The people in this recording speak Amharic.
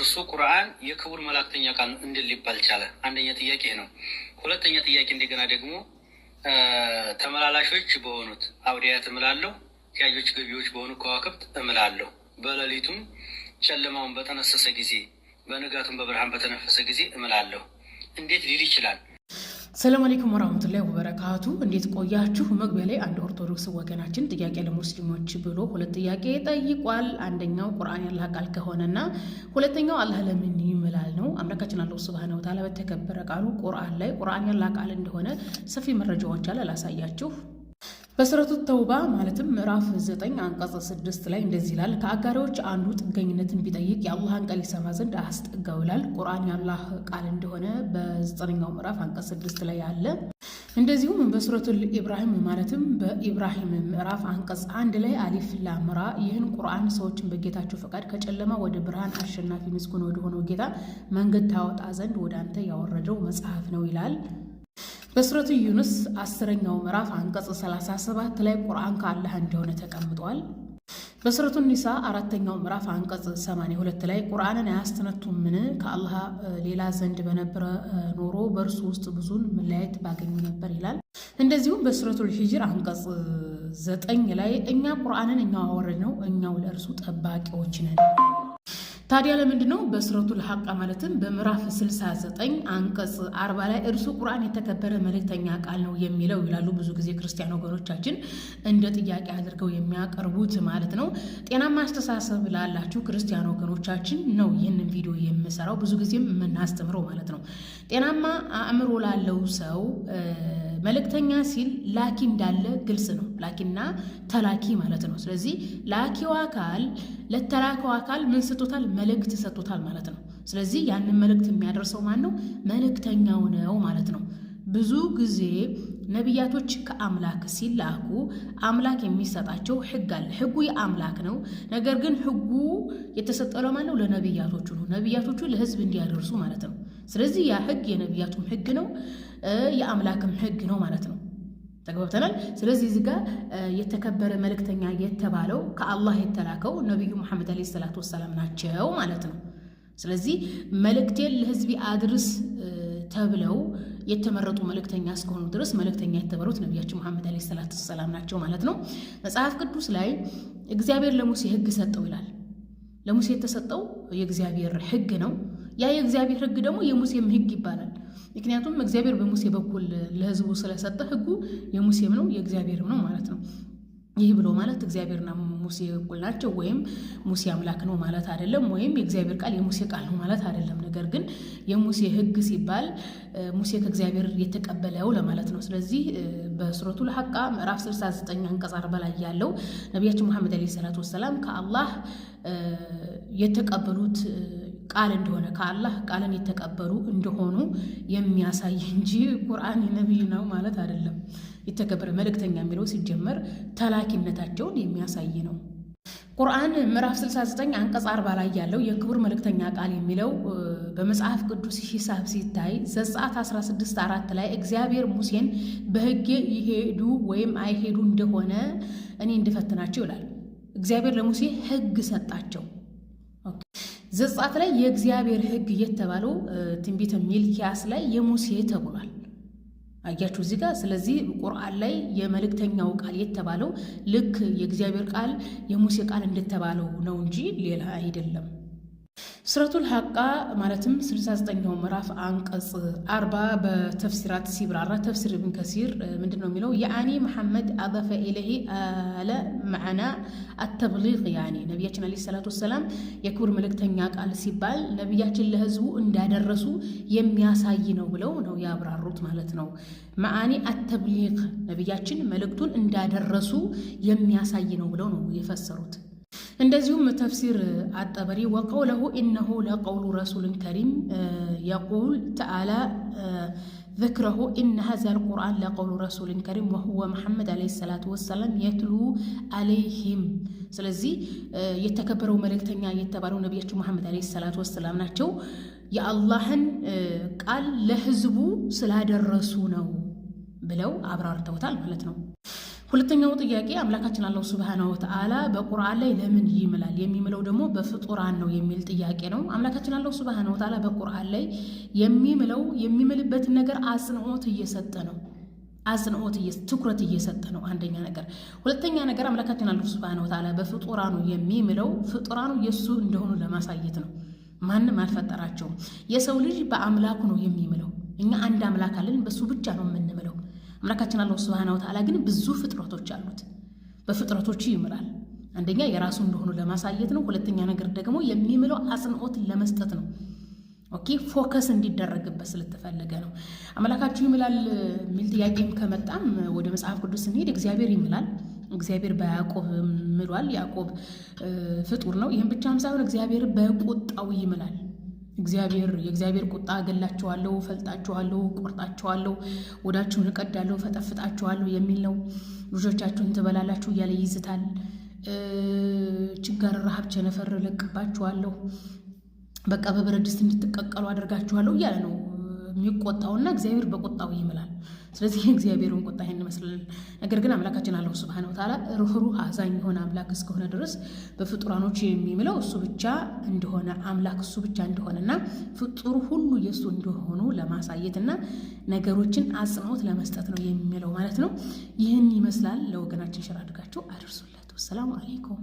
እርሱ ቁርአን የክቡር መላእክተኛ ቃል እንድል ሊባል ቻለ? አንደኛ ጥያቄ ነው። ሁለተኛ ጥያቄ እንደገና ደግሞ ተመላላሾች በሆኑት አውዲያት እምላለሁ፣ ተያዦች ገቢዎች በሆኑ ከዋክብት እምላለሁ። በሌሊቱም ጨለማውን በጠነሰሰ ጊዜ፣ በንጋቱም በብርሃን በተነፈሰ ጊዜ እምላለሁ። እንዴት ሊል ይችላል? ሰላም አለይኩም ወራህመቱላሂ ወበረካቱ። እንዴት ቆያችሁ? መግቢያ ላይ አንድ ኦርቶዶክስ ወገናችን ጥያቄ ለሙስሊሞች ብሎ ሁለት ጥያቄ ጠይቋል። አንደኛው ቁርአን ያላህ ቃል ከሆነና ሁለተኛው አላህ ለምን ይምላል ነው። አምላካችን አላህ ሱብሃነሁ ወተዓላ በተከበረ ቃሉ ቁርአን ላይ ቁርአን ያላህ ቃል እንደሆነ ሰፊ መረጃዎች አለ። ላሳያችሁ በሱረቱ ተውባ ማለትም ምዕራፍ 9 አንቀጽ 6 ላይ እንደዚህ ይላል፣ ከአጋሪዎች አንዱ ጥገኝነትን ቢጠይቅ የአላህን ቃል ይሰማ ዘንድ አስጠጋው ይላል። ቁርአን የአላህ ቃል እንደሆነ በዘጠነኛው ምዕራፍ አንቀጽ 6 ላይ አለ። እንደዚሁም በሱረቱል ኢብራሂም ማለትም በኢብራሂም ምዕራፍ አንቀጽ አንድ ላይ አሊፍ ላምራ ይህን ቁርአን ሰዎችን በጌታቸው ፈቃድ ከጨለማ ወደ ብርሃን አሸናፊ ምስጉን ወደሆነው ጌታ መንገድ ታወጣ ዘንድ ወደ አንተ ያወረደው መጽሐፍ ነው ይላል። በሱረቱ ዩኑስ አስረኛው ምዕራፍ አንቀጽ 37 ላይ ቁርአን ከአላህ እንደሆነ ተቀምጧል። በሱረቱ ኒሳ አራተኛው ምዕራፍ አንቀጽ 82 ላይ ቁርአንን ምን ከአላህ ሌላ ዘንድ በነበረ ኖሮ በእርሱ ውስጥ ብዙን መለያየት ባገኙ ነበር ይላል። እንደዚሁም በሱረቱ ልሂጅር አንቀጽ ዘጠኝ ላይ እኛ ቁርአንን እኛው አወረድነው እኛው ለእርሱ ጠባቂዎች ነን ታዲያ ለምንድ ነው በስረቱ ሀቃ ማለትም በምዕራፍ 69 አንቀጽ 40 ላይ እርሱ ቁርአን የተከበረ መልእክተኛ ቃል ነው የሚለው ይላሉ ብዙ ጊዜ ክርስቲያን ወገኖቻችን እንደ ጥያቄ አድርገው የሚያቀርቡት ማለት ነው። ጤናማ አስተሳሰብ ላላችሁ ክርስቲያን ወገኖቻችን ነው ይህንን ቪዲዮ የምሰራው ብዙ ጊዜም የምናስተምረው ማለት ነው። ጤናማ አእምሮ ላለው ሰው መልእክተኛ ሲል ላኪ እንዳለ ግልጽ ነው። ላኪና ተላኪ ማለት ነው። ስለዚህ ላኪው አካል ለተላከው አካል ምን ሰጥቶታል? መልእክት ሰጥቶታል ማለት ነው። ስለዚህ ያንን መልእክት የሚያደርሰው ማን ነው? መልእክተኛው ነው ማለት ነው። ብዙ ጊዜ ነቢያቶች ከአምላክ ሲላኩ አምላክ የሚሰጣቸው ሕግ አለ። ሕጉ የአምላክ ነው። ነገር ግን ሕጉ የተሰጠለው ነው? ለነቢያቶቹ ነው። ነቢያቶቹ ለሕዝብ እንዲያደርሱ ማለት ነው። ስለዚህ ያ ህግ የነቢያቱም ህግ ነው፣ የአምላክም ህግ ነው ማለት ነው። ተግባብተናል። ስለዚህ እዚህ ጋር የተከበረ መልእክተኛ የተባለው ከአላህ የተላከው ነቢዩ ሙሐመድ ዓለይሂ ሰላቱ ወሰላም ናቸው ማለት ነው። ስለዚህ መልእክቴን ለህዝቢ አድርስ ተብለው የተመረጡ መልእክተኛ እስከሆኑ ድረስ መልእክተኛ የተባሉት ነቢያችን ሙሐመድ ዓለይሂ ሰላቱ ወሰላም ናቸው ማለት ነው። መጽሐፍ ቅዱስ ላይ እግዚአብሔር ለሙሴ ህግ ሰጠው ይላል። ለሙሴ የተሰጠው የእግዚአብሔር ህግ ነው። ያ የእግዚአብሔር ህግ ደግሞ የሙሴም ህግ ይባላል። ምክንያቱም እግዚአብሔር በሙሴ በኩል ለህዝቡ ስለሰጠ ህጉ የሙሴም ነው የእግዚአብሔርም ነው ማለት ነው። ይህ ብሎ ማለት እግዚአብሔርና ሙሴ እኩል ናቸው ወይም ሙሴ አምላክ ነው ማለት አይደለም፣ ወይም የእግዚአብሔር ቃል የሙሴ ቃል ነው ማለት አይደለም። ነገር ግን የሙሴ ህግ ሲባል ሙሴ ከእግዚአብሔር የተቀበለው ለማለት ነው። ስለዚህ በሱረቱ ልሐቃ ምዕራፍ 69 አንቀጽ አርባ ላይ ያለው ነቢያችን መሐመድ ዓለይሂ ሰላቱ ወሰላም ከአላህ የተቀበሉት ቃል እንደሆነ ከአላህ ቃልን የተቀበሉ እንደሆኑ የሚያሳይ እንጂ ቁርአን ነቢይ ነው ማለት አይደለም። የተከበረ መልእክተኛ የሚለው ሲጀመር ተላኪነታቸውን የሚያሳይ ነው። ቁርአን ምዕራፍ 69 አንቀጽ 40 ላይ ያለው የክቡር መልእክተኛ ቃል የሚለው በመጽሐፍ ቅዱስ ሂሳብ ሲታይ ዘጸአት 16 አራት ላይ እግዚአብሔር ሙሴን በሕጌ ይሄዱ ወይም አይሄዱ እንደሆነ እኔ እንድፈትናቸው ይላል። እግዚአብሔር ለሙሴ ሕግ ሰጣቸው። ዘጻት ላይ የእግዚአብሔር ሕግ የተባለው ትንቢተ ሚልኪያስ ላይ የሙሴ ተብሏል። አያችሁ እዚህ ጋር። ስለዚህ ቁርአን ላይ የመልእክተኛው ቃል የተባለው ልክ የእግዚአብሔር ቃል የሙሴ ቃል እንደተባለው ነው እንጂ ሌላ አይደለም። ስረቱል ሀቃ ማለትም 69ኛው ምዕራፍ አንቀጽ አርባ በተፍሲራት ሲብራራ ተፍሲር ኢብን ከሲር ምንድን ነው የሚለው? ያኒ መሐመድ አበፈ ኢለሂ አለ መዓና አተብሊግ ያኒ ነቢያችን አለ ሰላት ወሰላም የክብር መልእክተኛ ቃል ሲባል ነቢያችን ለህዝቡ እንዳደረሱ የሚያሳይ ነው ብለው ነው ያብራሩት ማለት ነው። መዓኒ አተብሊግ ነቢያችን መልእክቱን እንዳደረሱ የሚያሳይ ነው ብለው ነው የፈሰሩት። እንደዚሁም ተፍሲር አጠበሪ ወቀውለሁ ኢነሁ ለቀውሉ ረሱልን ከሪም የቁል ተዓላ ذكره إن هذا القرآن لقول رسول كريم وهو محمد عليه الصلاة والسلام يتلو عليهم ስለዚህ የተከበረው መልእክተኛ የተባለው ነቢያቸው መሐመድ ዓለይሂ ሰላቱ ወሰላም ናቸው። የአላህን ቃል ለህዝቡ ስላደረሱ ነው ብለው አብራርተውታል ማለት ነው። ሁለተኛው ጥያቄ አምላካችን አላሁ ስብሃነ ወተዓላ በቁርአን ላይ ለምን ይምላል የሚምለው ደግሞ በፍጡራን ነው የሚል ጥያቄ ነው። አምላካችን አላሁ ስብሃነ ወተዓላ በቁርአን ላይ የሚምለው የሚምልበትን ነገር አጽንኦት እየሰጠ ነው አጽንኦት ትኩረት እየሰጠ ነው። አንደኛ ነገር። ሁለተኛ ነገር አምላካችን አላሁ ስብሃነ ወተዓላ በፍጡራኑ የሚምለው ፍጡራኑ የእሱ እንደሆኑ ለማሳየት ነው። ማንም አልፈጠራቸውም። የሰው ልጅ በአምላኩ ነው የሚምለው። እኛ አንድ አምላክ አለን፣ በእሱ ብቻ ነው የምንምለው አምላካችን አላሁ ሱብሃነሁ ወተዓላ ግን ብዙ ፍጥረቶች አሉት። በፍጥረቶቹ ይምራል። አንደኛ የራሱ እንደሆኑ ለማሳየት ነው። ሁለተኛ ነገር ደግሞ የሚምለው አጽንኦት ለመስጠት ነው። ኦኬ ፎከስ እንዲደረግበት ስለተፈለገ ነው። አምላካችሁ ይምላል የሚል ጥያቄም ከመጣም ወደ መጽሐፍ ቅዱስ ስንሄድ እግዚአብሔር ይምላል። እግዚአብሔር በያዕቆብ ምሏል። ያዕቆብ ፍጡር ነው። ይህም ብቻም ሳይሆን እግዚአብሔር በቁጣው ይምላል። እግዚአብሔር የእግዚአብሔር ቁጣ አገላችኋለሁ፣ ፈልጣችኋለሁ፣ ቆርጣችኋለሁ፣ ወዳችሁን እቀዳለሁ፣ ፈጠፍጣችኋለሁ የሚል ነው። ልጆቻችሁን ትበላላችሁ እያለ ይዝታል። ችጋር፣ ረሃብ፣ ቸነፈር እለቅባችኋለሁ፣ በቃ በብረት እንድትቀቀሉ አደርጋችኋለሁ እያለ ነው የሚቆጣውና እግዚአብሔር በቁጣው ይምላል። ስለዚህ የእግዚአብሔርን ቁጣ ይህን ይመስላል። ነገር ግን አምላካችን አላሁ ስብሐነ ወተዓላ ርኅሩህ አዛኝ የሆነ አምላክ እስከሆነ ድረስ በፍጡራኖች የሚምለው እሱ ብቻ እንደሆነ አምላክ እሱ ብቻ እንደሆነና ፍጡሩ ሁሉ የእሱ እንደሆኑ ለማሳየትና ነገሮችን አጽንኦት ለመስጠት ነው የሚምለው ማለት ነው። ይህን ይመስላል። ለወገናችን ሸር አድርጋችሁ አድርሱለት። ወሰላሙ አሌይኩም